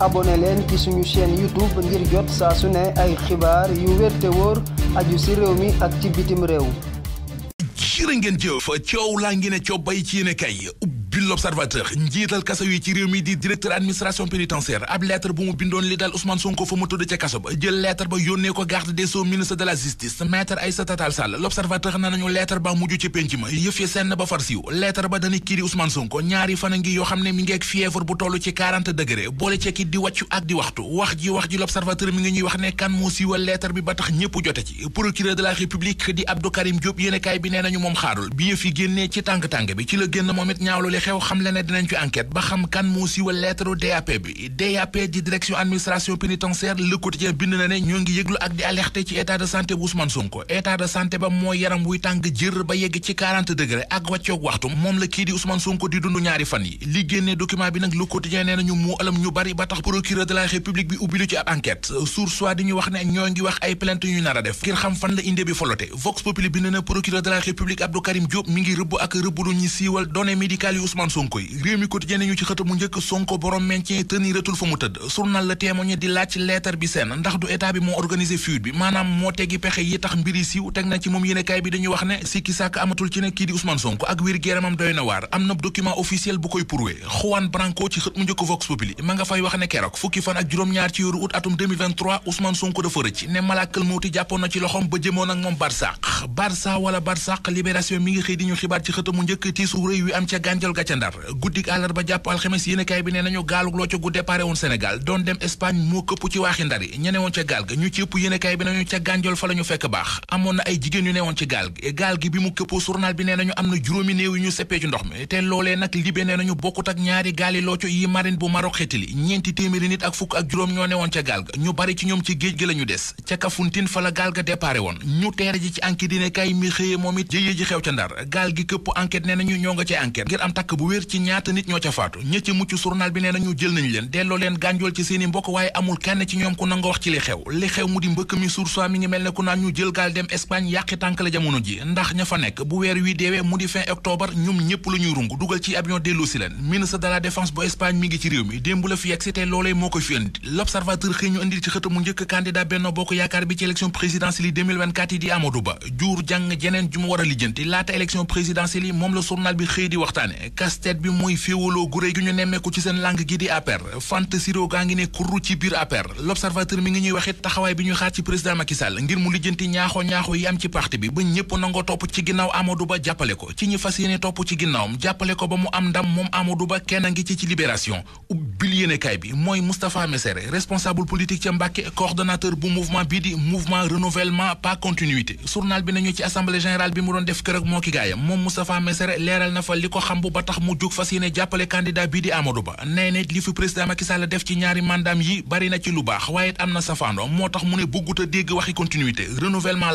abonné leen ci suñu chaîne YouTube ngir jot saa su ne ay xibaar yu wér te wóor aju ci réew mi ak ci bitim réew. jërë ngeen jëf coow laa ngi coow bay ci yéen kay. ubbil l'observateur njiital kaso yi ci réew mi di directeur administration pénitentiaire ab lettre bu mu bindoon li dal Ousmane Sonko fa mu tëdd ca kaso ba jël lettre ba yónnee ko garde des sceaux ministre de la justice maître Aïssata Tall Sall l'observateur na nañu lettre ba mujj ci penc ma yëf ya senn ba far siiw lettre ba dana kii di Ousmane Sonko ñaari fan a ngi yoo xam ne mi ngi ak bu toll ci 40 boole ci di wàccu ak di waxtu wax ji l'observateur mi ngi ñuy wax xew xam le ne dinañ ci enquête ba xam kan moo siiwal lettre DAP bi DAP di direction administration pénitentiaire Le bind na ne ñoo ngi yëglu ak di alerter ci état de santé bu Ousmane Sonko état de santé ba mooy yaram wuy tàng jër ba yegg ci 40 degré ak wàccoog waxtu moom la kii di Ousmane Sonko di dund ñaari fan yi li génnee document bi nag Le Quotidien nee nañu moo alam ñu bari ba tax procureur de la République bi ubbi lu ci ab enquête source di ñu wax a def na de la République Abdou Karim Diop mi ngi rëbb ak rëbb lu Ousmane Sonko yi réew mi quotidien nañu ci xët mu njëkk Sonko borom maintien teniratul fa mu tëdd journal la témoigné di laaj leetar bi seen ndax du état bi moo organisé fuite bi maanaam moo teggi pexe yi tax mbiri siiw teg na ci moom yéenekaay bi dañuy wax ne sikki sàkk amatul ci ne kii di Ousmane Sonko ak wér géramam doy na waar am na document officiel bu koy prouvé Juan Branco ci xët mu njëkk Vox Populi ma nga fay wax ne keroog fukki fan ak juróom-ñaar ci yóoru ga ca ndar jàpp alxames yéenekaay bi nee nañu gaalug loo gu déparé woon Sénégal doon dem Espagne moo këpp ci waaxi ndari yi marine woon ca gaal gi ci enquête ndar gaal gi këpp enquête nee nañu ñoo nga ca enquête ngir am takk ñàkk bu wér ci ñaata nit ñoo ca faatu ña mucc journal bi nee nañu jël nañu leen delloo leen gànjool ci seeni mbokk waaye amul kenn ci ñoom ku nanga wax ci li xew li xew mu di mbëkk mi sursoi mi mel ne ku naan ñu jël gaal dem Espagne yàqi tànk jamono ji ndax ña fa nekk bu weer wi deewee mu di fin octobre ñëpp la rung dugal ci avion dellu si leen ministre de la défense bu Espagne mi ngi ci réew mi démb la fi yegg si te loolee moo ko fi indi l'observateur a lijjanti laata casse-tête bi mooy féewaloo gu rëy gi ñu nemmeeku ci seen langue gi di APR fant gaa ngi ne kurru ci biir APR l'observateur mi ngi ñuy waxit taxawaay bi ñu xaar ci président Macky ngir mu lijjanti ñaaxo ñaaxo yi am ci parti bi ba ñëpp nangoo topp ci ginnaaw Amadou Ba jàppale ko ci ñi fas yéene topp ci ginnaawam jàppale ko ba mu am ndam moom Amadou Ba kenn a ngi ci ci libération ubbil yéenekaay bi mooy Moustapha Messere responsable politique ca Mbàkke tax mu jóg fas yéene jàppale candidat bii di Amadou Ba nee na a dégg waxi continuité renouvellement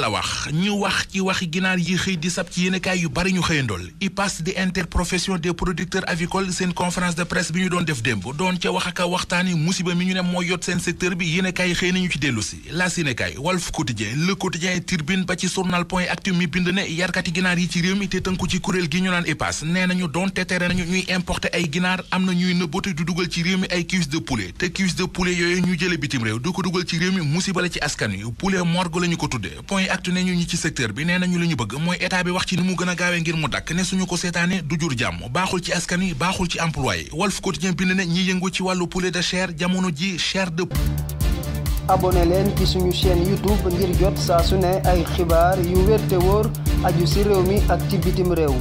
doon def ne tere nañu ñuy importer ay ginaar am na ñuy nëbbatu du dugal ci réew mi ay cuisse de poulet te cuisse de poulet yooyu ñu jële bitim réew du ko dugal ci réew mi musiba la ci askan wi poulet morgue la ñu ko tudde point actu ne ñu ñi ci secteur bi nee nañu la ñu bëgg mooy état bi wax ci ni mu gën a gaawee ngir mu dakk ne suñu ko seetaane du jur jàmm baaxul ci askan wi baaxul ci employé Walf Quotidien bind ne ñi yëngu ci wàllu poulet de chair jamono ji chair de abonné leen ci suñu chaîne YouTube ngir jot saa su ne xibaar yu wér te wóor réew